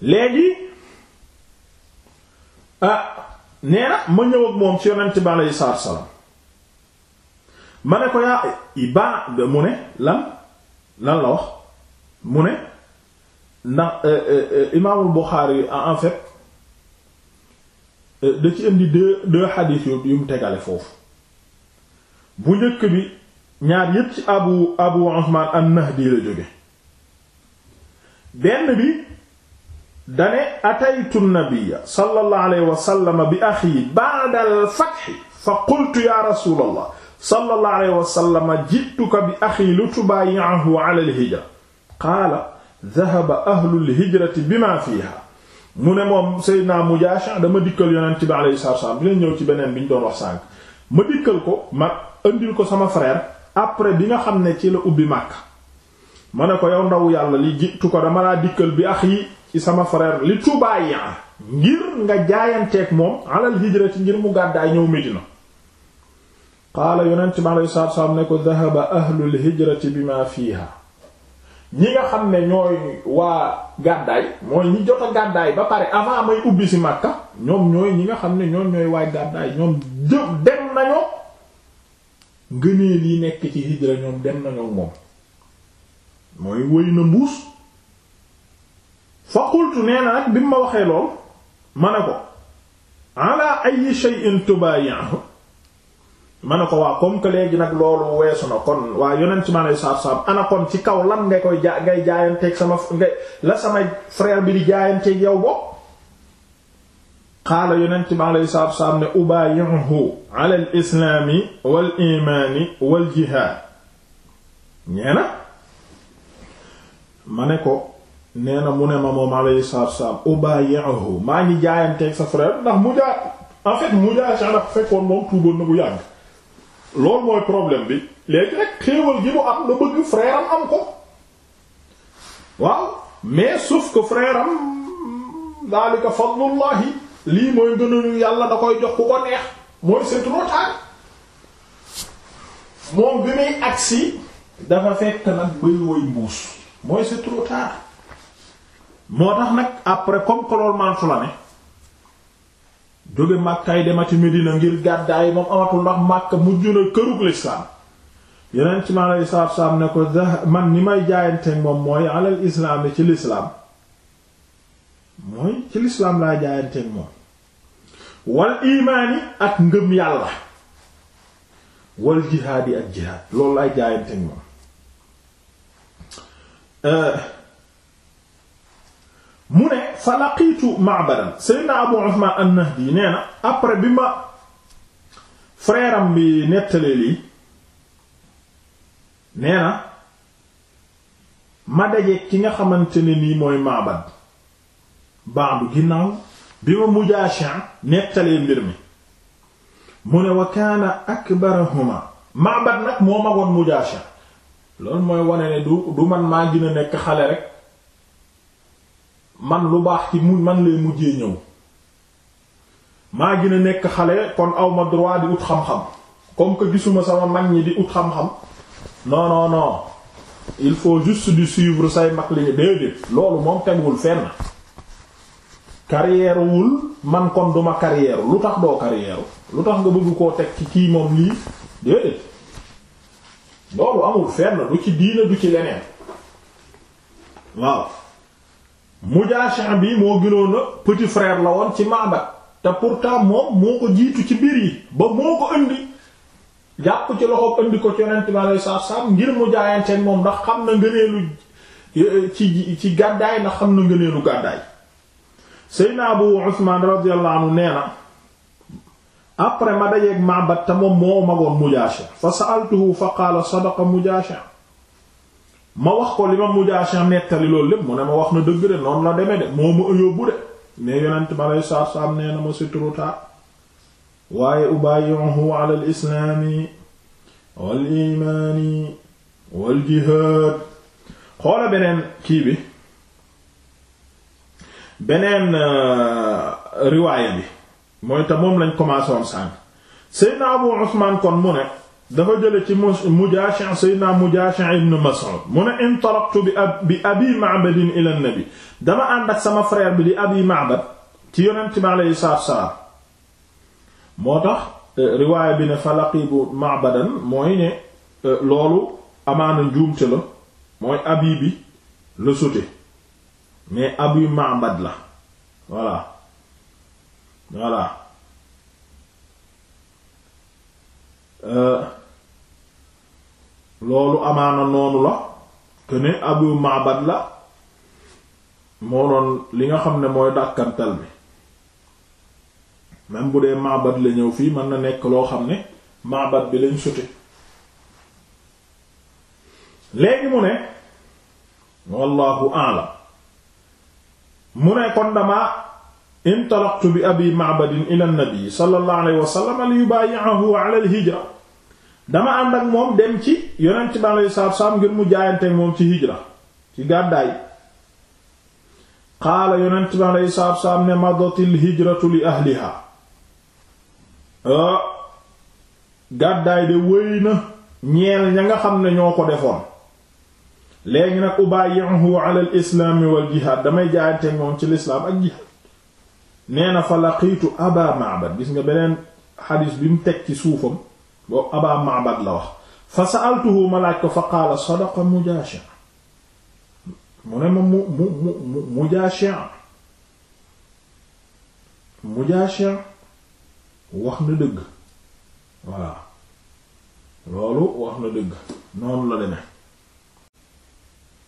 léegi ah nee na ma ñëw ak moom ci yonent bi aleyhi salaatu ma ne ko yaa ibaa mu ne lan lan la wax mu ne ndax euh, euh, euh, imaamul Buxaari en fait da ci indi deux deux xadiis yu tegale foofu bu njëkk bi ñaar yépp ci abu abu Usmaan an-Nahdi la jóge benn bi dane ataytu nabiyya sallallahu alayhi wa bi axi ba'da al-fath fa qultu ya rasulallah sallallahu alayhi wa sallam jituka bi axi li tubaayi'ahu ala al-hijra qaala dhahaba ahlul hijrati bima fiha mu ne moom Seydina Mujaasha dama dikkal yonent bi alayhi salaatu wasallam dina ñëw ci beneen bi ñu doon wax ma dikkal ko ma indil ko sama frère après bi nga xam ne ci la ubbi Makka ma ne ko yow ndaw yàlla li jiitu ko dama laa dikkal bi ax yi ci sama frère li tubaaya ngir nga jaayanteeg moom alal hijrati ngir mu gàddaay ñëw Medina qaala yonent bi alayhi salaatu wasallam ne ko dhahaba ahlul hijrati bima fiha ñi nga xam ne ñooy waa gàddaay mooy ñi jot a gàddaay ba pare avant may ubbi si Makka ñoom ñooy ñi nga xam ne ñoom ñooy waay gàddaay ñoom jë dem nañoo ngëneel lii nekk ci hijra ñoom dem nañoo moom mooy wëy na mbuus fa qultu nee na nag bi mu ma waxee lool ma ne ko ala ayi shay'in tubayi'u ma ne ko waa comme que léegi nag loolu weesu na kon waa yonent ci ma saab saab ana kon ci kaw lan nga koy ja ngay jaayanteeg sama ngay la sama frère bi di jaayanteeg yow bopp xaala yonent bi alayhi salaatu wasalaam ne ubaayi'uhu ala al islaami wal imaani wal jihaad ne ko nee na mu ne ma moom alayhi salaatu ngi jaayanteeg sa frère fekkoon moom tuuboon na yàgg loolu mooy problème bi léegi rek xéewal gi mu am la bëgg frère am am ko waaw mais sauf que frère am daalika lii mooy gënañu yàlla da koy jox ku ko neex mooy c'est trop tard moom bi muy agsi dafa fekk nag bay woy mbuus mooy c'est trop tard moo tax nag après comme que loolu mantu la ne jóge màkkaay demati Medina ngir gàddaay moom amatul ndax màkk mujj na kërug lislaam yeneen ci ma lay saab saab ne ko man ni may jaayanteeg moom mooy alal islaam yi ci lislaam mooy ci lislaam laa jaayanteeg moom wal imaani ak ngëm yàlla wal jihaad ak jihaad loolu laay jaayanteeg moom euh, mu ne fa laqiitu ma'badan sayyidina abu usman an-nahdi nee na après bi ma frère bi nettalee lii nee na ma dajeek ki nga xamante ni nii mooy ma'bad ba'du ginnaaw bi ma mujaasha nettalee mbir mi mu ne wa kaana akbarahuma ma'bad nag moo magoon mujaasha loolu mooy wane ne du du man maa gën a nekk xale rek man lu baax ci mu man lay mujjee ñëw maa gën a nekk xale kon awma droit di ut xam-xam comme que gisuma sama mag ñi di ut xam-xam non il faut juste di suivre say mag li déedéet loolu moom teguwul fenn carrière wul man kon duma carrière lu tax doo carrière lu tax nga bëgg koo teg ci kii moom lii déedéet loolu amul fenn du ci diina du ci leneen waaw Mujaashim bi moo gënoon a petit frère la woon ci Ma'bad te pourtant moom moo ko jiitu ci mbir yi ba moo ko indi jàpp ci loxo indi ko ci Yonent bi alayhi salaatu ngir mu jaayanteen moom ndax xam na ngëneelu euh, ci ci xam na ngëneelu Abu Usmaan radiyallahu anhu nee après ma dajeeg Ma'bad te moom moo magoon Mujaashim fa sa'altuhu fa qaala sadaqa Mujaashim ma wax ko li ma Mujaasha nettali loolu lépp mu ne ma wax na dëgg de noonu la demee de moo ma yóbbu de mais yonent ma lay saar saam nee na ma waaye ubayyuhu ala al islaami xoola beneen kii bi beneen euh, riwaaya bi mooy te moom lañ commencé woon sànq Seydina Abu Usmaan kon mu ne dafa jële ci Mujaashi sayyidina Mujaashi ibn Mas'ud mu ne intalaqtu bi bi abi Ma'bad ila an dama ànd sama frère bi di abi Ma'bad ci yonent bi alayhi salaatu salaam moo tax euh, riwaaya bi ne falaqibu Ma'badan mooy ne euh, loolu amaana njuumte la mooy abi bi la sute mais abi Ma'bad la voilà euh, loolu amaana noonu la que ne Abu Ma'bad la moo doon li nga xam ne mooy dàkkantal bi même bu dee Ma'bad la ñëw fii mën na nekk loo xam ne Ma'bad bi lañ sute léegi mu ne wallahu a'lam mu ne kon dama intalaqtu bi abi Ma'bad ila an-nabi sallallahu alayhi wa sallam li yubayi'ahu ala al-hijra dama ànd ak moom dem ci yonent bi aleyhi salaatu salaam ngir mu jaayante moom ci hijra ci gàddaay qaala yonent bi aleyhi salaatu salaam ne madatil hijratu li ahliha ah, gàddaay de wéy na ñeel ña nga xam ne ñoo ko defoon léegi nag ubayyihu ala al islaami wal jihaad damay jaayante moom ci lislaam ak jihaad nee na fa laqiitu aba ma'bad gis nga beneen xadiis bi mu teg ci suufam boobu Abaa Ma'bad la wax fa sa'altuhu ma laaj ko fa qaala sadaqa Mujashi' mu ne ma mu mu mu mu Mujashi' Mujashi' wax na dëgg voilà loolu wax na dëgg noonu la deme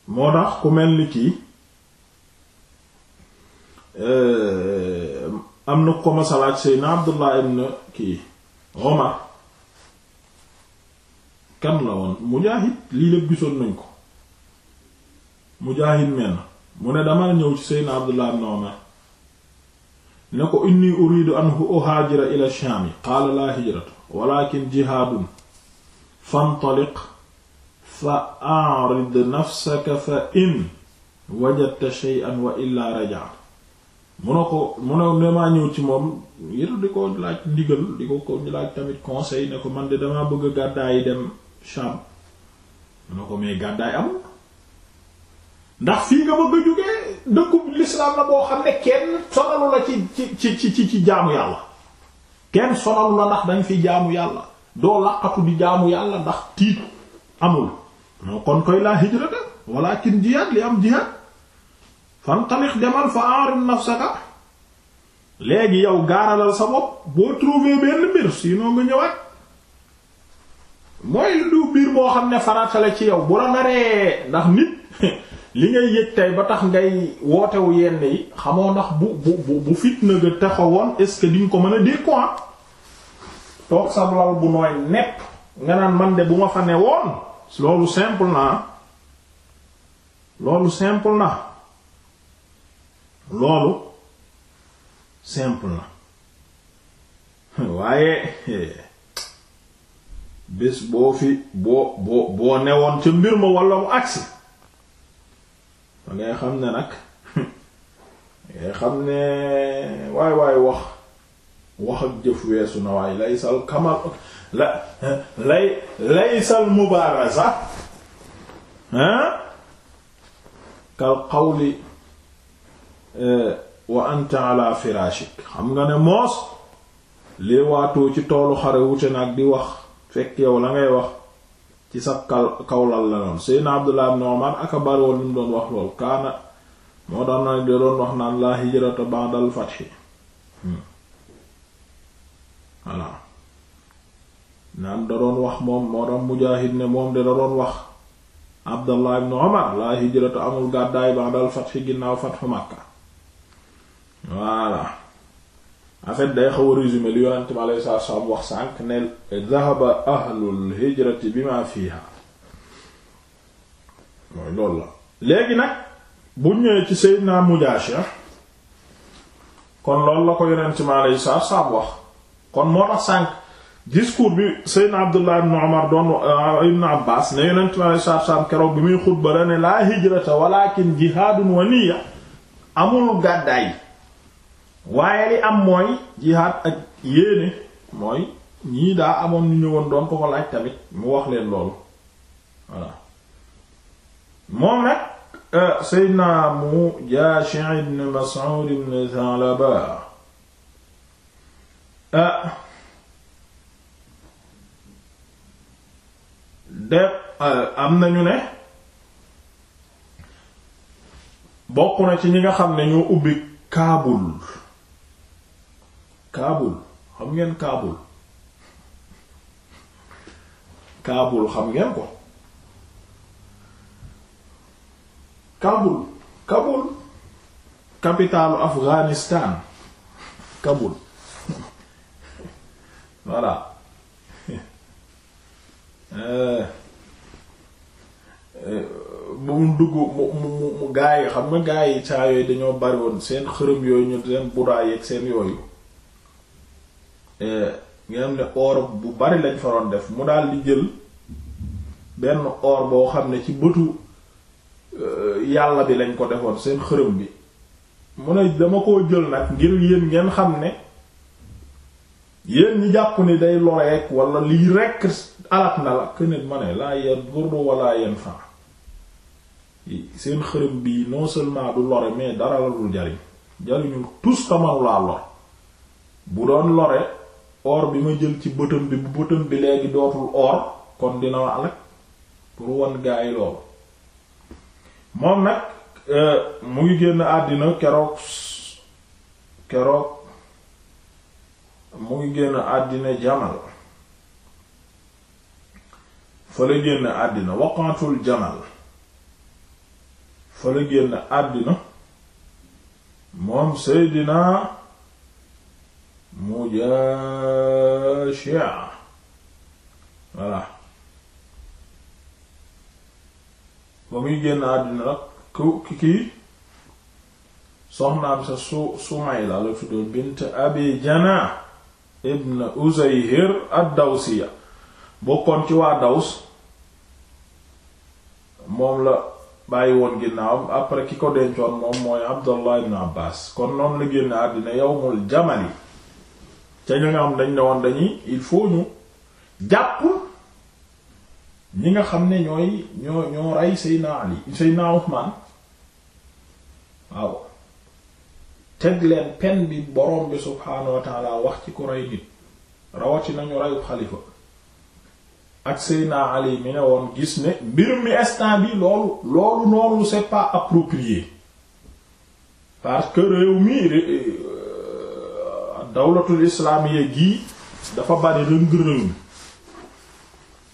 moo tax ku mel ni kii euh, am na ko ma salaat Seydina Abdullah ibn kii Omar kan la woon mujaahid lii lépp gisoon nañ ko mujaahid meen mu ne dama ñëw ci seydna abdullah ibn umar ne ko inni uridu an uhaajira ila shaami qaala laa hijrata walakin jihaadun fa a'rid nafsaka fa in wajadta shay'an wa illaa raja'a mu ne ko mu ne damaa ñëw ci moom ngir di ko laaj ndigal di ko ko laaj tamit conseil ne ko man de damaa bëgg gàddaay dem Sham mu ne ko mais gàddaay amul ndax fii nga bëgg a jógee dëkkub l'islam la boo xam ne kenn sonalu la ci ci ci ci ci jaamu yàlla kenn sonalu la ndax dañ fi jaamu yàlla doo laqatu di jaamu yàlla ndax tiit amul non kon koy laa hijrata walakin jihaad li am jihaad fantaliq demal fa aarim nafsaka léegi yow gaaralal sa bopp boo trouver benn mbir sinon nga ñëwaat mooy du biir moo xam ne farata ci yow bu la naree ndax nit li ngay yëg tey ba tax ngay wootewu yenn yi xamoo ndax bu bu bu fitna ga taxawoon est-ce que di ko mën a dékku toog sa bu nooy nepp nga naan man de bu ma fa ne woon loolu simple na loolu simple na na waaye bés boo fi boo boo boo newoon ca mbir ma walla mu agsi da xam ne nag ngay xam ne waay waay wax wax ak jëf weesu na waay laysal kamal la lay laysal mubaaraza hein ah, kal qawli eh, wa anta ala firashik xam nga ne moos lii waatoo ci toolu xare wute nag di wax fekk yow la ngay wax ci sa kaw kawlal la noonu Seydina Abdullah ibn Umar aka bari woon mu doon wax lool kaana moo tax na da doon wax naan laa hijrata ba'dal fath hmm. voilà naan wax moom moo tax Mujaahid ne laa hijrata amul gàddaay ba'dal fath ginnaaw fathu Makka voilà en day xaw a résumé lu yonent bi alayhi salaatu salaam wax sànq ne zahaba ahlul hijrati bima fiha mooy loolu la léegi nag bu ñëwee ci Seydina Mujaashir kon loolu la ko yonent bi alayhi salaatu salaam wax kon moo tax sànq discours bi Seydina Abdullah ibn Umar euh, ne yonent bi alayhi salaatu salaam keroog bi muy xutba la ne laa hijrata walakin jihaadun wa amul gàddaay waaye li am mooy jihaad ak yéene mooy ñii daa amoon ñu ñëwoon doon ko laaj tamit mu wax leen loolu voilà moom nag euh, Seydina mu Jaashi ibn Mas'ud ibn Thalaba euh, de euh, am nañu ne bokk na ci ñi nga xam ne ñoo ubbi Kaabul kaabul xam ngeen kaabul kaabul xam ngeen ko kabul kabul Afghanistan kabul voilà bu euh, euh, mu dugg mu mu mu gaa yi xam nga gaa yi saa yooyu dañoo bari woon seen xërëm yooyu ñu seen budaay ak seen yooyu Eh, nga xam ne or bu bari lañ faroon def mu daal di jël benn or boo xam ne ci bëtu eh, yàlla bi lañ ko defoon seen xërëm bi mu ne dama koo jël nag ngir yéen ngeen xam ne yéen ñi jàpp ni day loreek wala lii rekk alak na la kënit ma ne laa yan gurdu wala yan fan seen xërëm bi non seulement du lore mais dara la dul jariñ jariñul tus tamanulaa lor bu doon lore or bi ma jël ci bëtam bi bu bëtam bi léegi dootul or kon dina ma alak pour won gaa loolu moom nag euh, mu ngi génn àddina keroog keroog mu ngi génn àddina jamal fa la génn àddina waqatul jamal fa la génn àddina moom seydinaa mujaashi'a voilà ba muy génn àddina ki ku kii soxnaam sa su Sumayla la tuddoon bint Abi Janah ibn Uzayhir ad bokkoon ci waa Daws moom la bàyyi woon ginnaawam après ki ko dencoon moom mooy Abdallah ibn Abbas kon noonu la génn àddina yawmul jamali ca ña nga xam dañ ne woon dañuy il faut ñu jàpp ñi nga xam ne ñooy ñoo ñoo rey Seydina Ali Seydina Usmaan waaw teg leen pen bi borom bi subhaanahu wa taala wax ci ku rey nit rawatina ñu reyu xalifa ak Seydina Ali mi ne woon gis ne mbir mi instant bi loolu loolu noonu c'est pas approprié parce que réew mi dawlatul islaamiya gii dafa bari rëng-rëng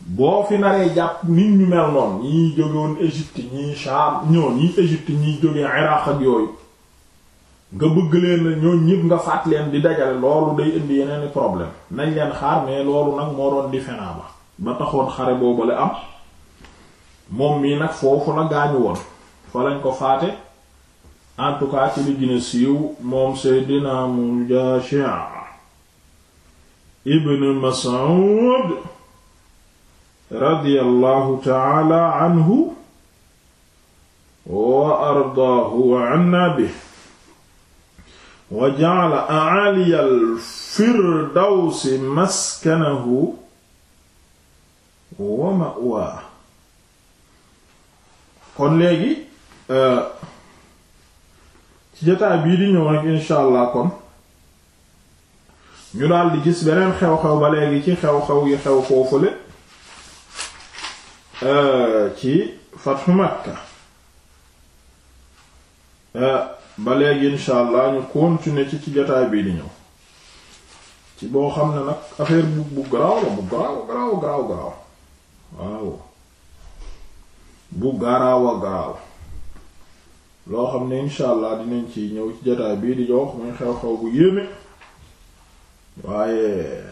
boo fi naree jàpp nit ñu mel noonu ñii jóge woon Égypte ñii Sham ñoo ñii Égypte ñii jóge Iraq ak yooyu nga bëgg leen ñoo ñëpp nga faat leen di dajale loolu day indi yeneen problème nañ leen xaar mais loolu nag moo doon di fenaama ba taxoon xare boobale am moom mii nag foofu la gaañu woon fa lañ ko faate en tout cas ci li gën a siiw moom Seydina Mujaashi ibn Mas'ud radiyallahu ta'ala anhu wa ardaahu wa anna bihi wa ja'ala a'aaliya al-firdawsi maskanahu wa ma'waahu kon léegi euh, ci jotaay bii di ñëw nag incha kon ñu daal di gis beneen xew-xew ba léegi ci xew-xew yi xew foofule euh, ci fathu Makka euh, ba léegi incha ñu continuer ci ci jotaay bii di ñëw ci boo xam ne nag affaire bu bu garaaw bu garaaw garaaw garaaw waaw bu garaaw a garaaw loo xam ne incha dinañ ci ñëw ci jotaay bii di jox muy xew-xew bu yéeme waaye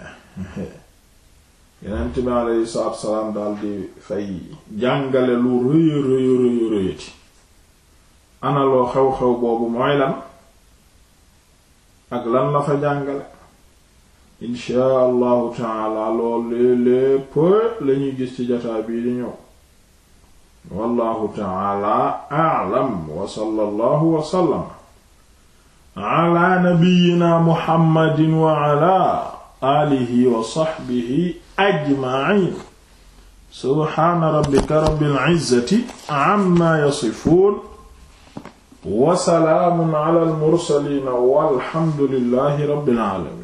Yonent bi alayhi salaatu salaam daal di fay jàngale lu rëy rëy rëy rëyati ana xew-xew boobu mooy lan ak lan la fa jàngale incha allahu taala loolu lépp lañuy gis ci jotaay bii di ñëw. wallahu taala alam wa sallallahu wa sallam ala nabiyyina muhammadin wa ala alihi wa sahbihi ajma'in subhaana rabbika rabbil izzati amma yasifuun wa salaamun ala al mursaliin walhamdulillahi rabbil aalamiin